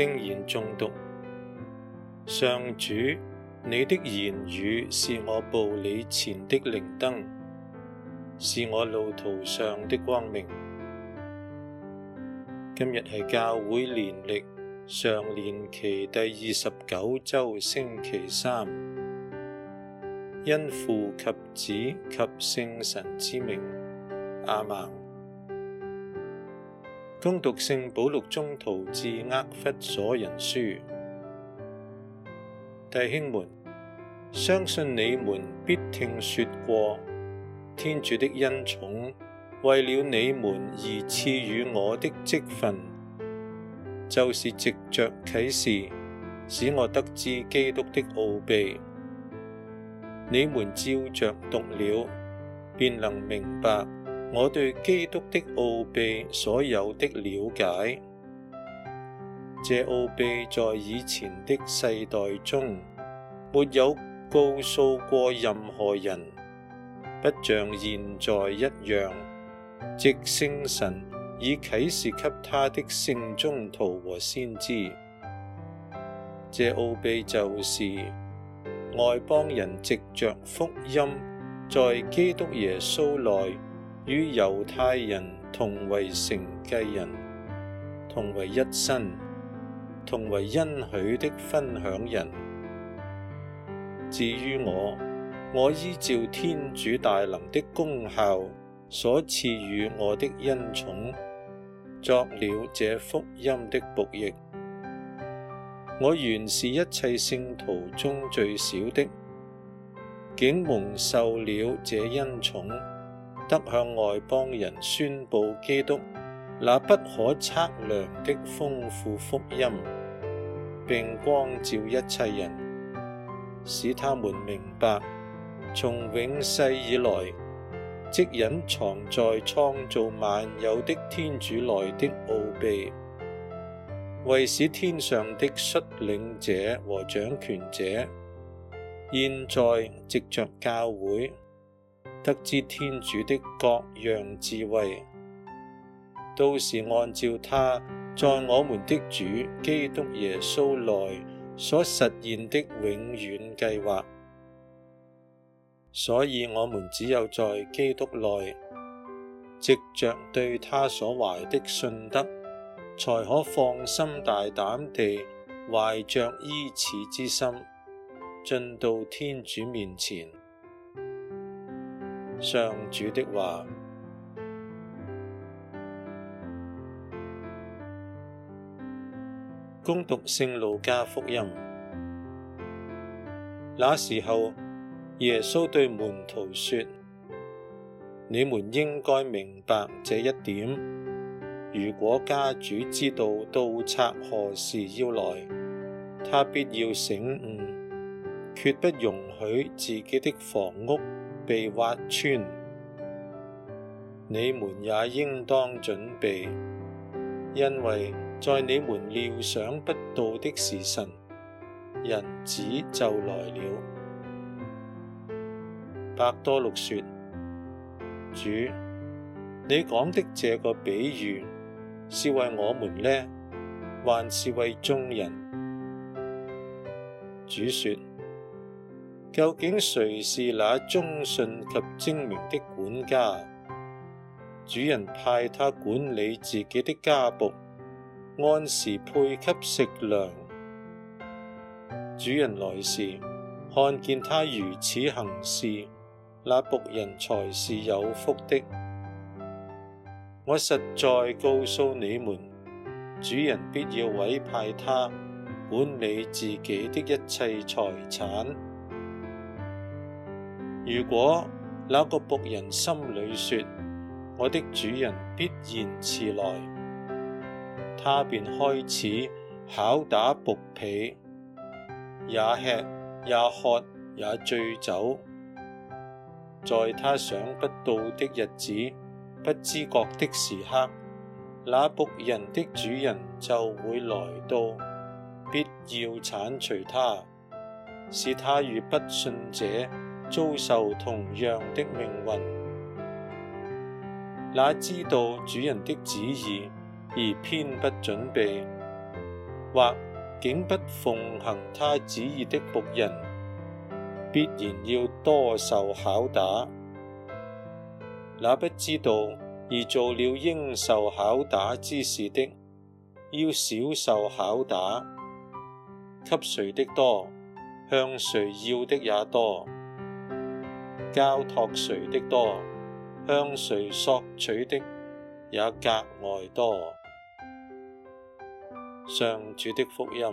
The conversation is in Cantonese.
聖言誦讀。上主，你的言語是我步履前的靈燈，是我路途上的光明。今日係教會年曆常年期第二十九周星期三，因父及子及聖神之名，阿們。恭讀聖保祿宗徒致厄弗所人書，弟兄們，相信你們必聽說過天主的恩寵，為了你們而賜予我的職分，就是藉着啟示，使我得知基督的奧秘。你們照着讀了，便能明白。我對基督的奧秘所有的了解，這奧秘在以前的世代中，沒有告訴過任何人，不像現在一樣，藉聖神已啟示給他的聖宗徒和先知。這奧秘就是，外邦人藉着福音，在基督耶穌內。與猶太人同為承繼人，同為一身，同為恩許的分享人。至於我，我依照天主大能的功效所賜予我的恩寵，作了這福音的僕役。我原是一切聖徒中最小的，竟蒙受了這恩寵。得向外邦人宣佈基督那不可測量的豐富福音，並光照一切人，使他們明白，從永世以來，即隱藏在創造萬有的天主內的奧秘，為使天上的率領者和掌權者，現在藉着教會。得知天主的各樣智慧，都是按照他在我們的主基督耶穌內所實現的永遠計劃，所以我們只有在基督內，藉着對他所懷的信德，才可放心大膽地懷着依恃之心，進到天主面前。上主的話。恭讀聖路加福音。那時候，耶穌對門徒說，你們應該明白這一點。如果家主知道盜賊何時要來，他必要醒寤，決不容許自己的房屋，被挖穿，你們也應當準備，因為在你們料想不到的時辰，人子就來了。伯多祿說：主，你講的這個比喻，是為我們呢，還是為眾人？主說。究竟誰是那忠信及精明的管家？主人派他管理自己的家僕，按時配給食糧。主人來時，看見他如此行事，那僕人才是有福的。我實在告訴你們，主人必要委派他管理自己的一切財產。如果那個僕人心裏說：我的主人必然遲來，他便開始拷打僕婢，也吃也喝也醉酒。在他想不到的日子，不知覺的時刻，那僕人的主人就會來到，必要剷除他，使他與不信者，遭受同樣的命運，那知道主人的旨意而偏不準備，或竟不奉行他旨意的僕人，必然要多受拷打。那不知道而做了應受拷打之事的，要少受拷打。給誰的多，向誰要的也多。交託誰的多，向誰索取的也格外多。上主的福音。